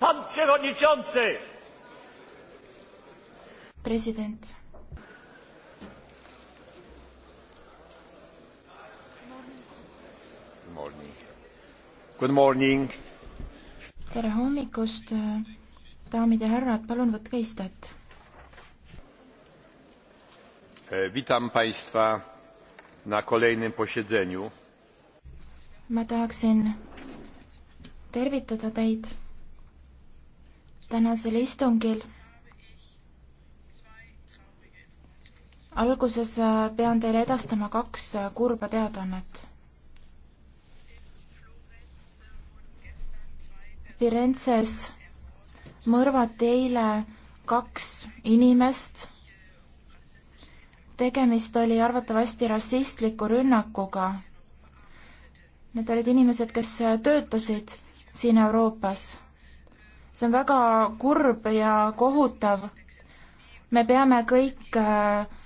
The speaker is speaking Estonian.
Pan przewodniczący! Prezydent. Morning. Good morning. tere hommikust, äh, daamid ja härrad, palun võtke istet. E, witam Państwa na kolejnym posiedzeniu. ma tahaksin tervitada teid tänasel istungil. alguses äh, pean teile edastama kaks äh, kurba teadaannet. Firenzes mõrvati eile kaks inimest. tegemist oli arvatavasti rassistliku rünnakuga. Need olid inimesed, kes äh, töötasid siin Euroopas see on väga kurb ja kohutav. me peame kõik äh,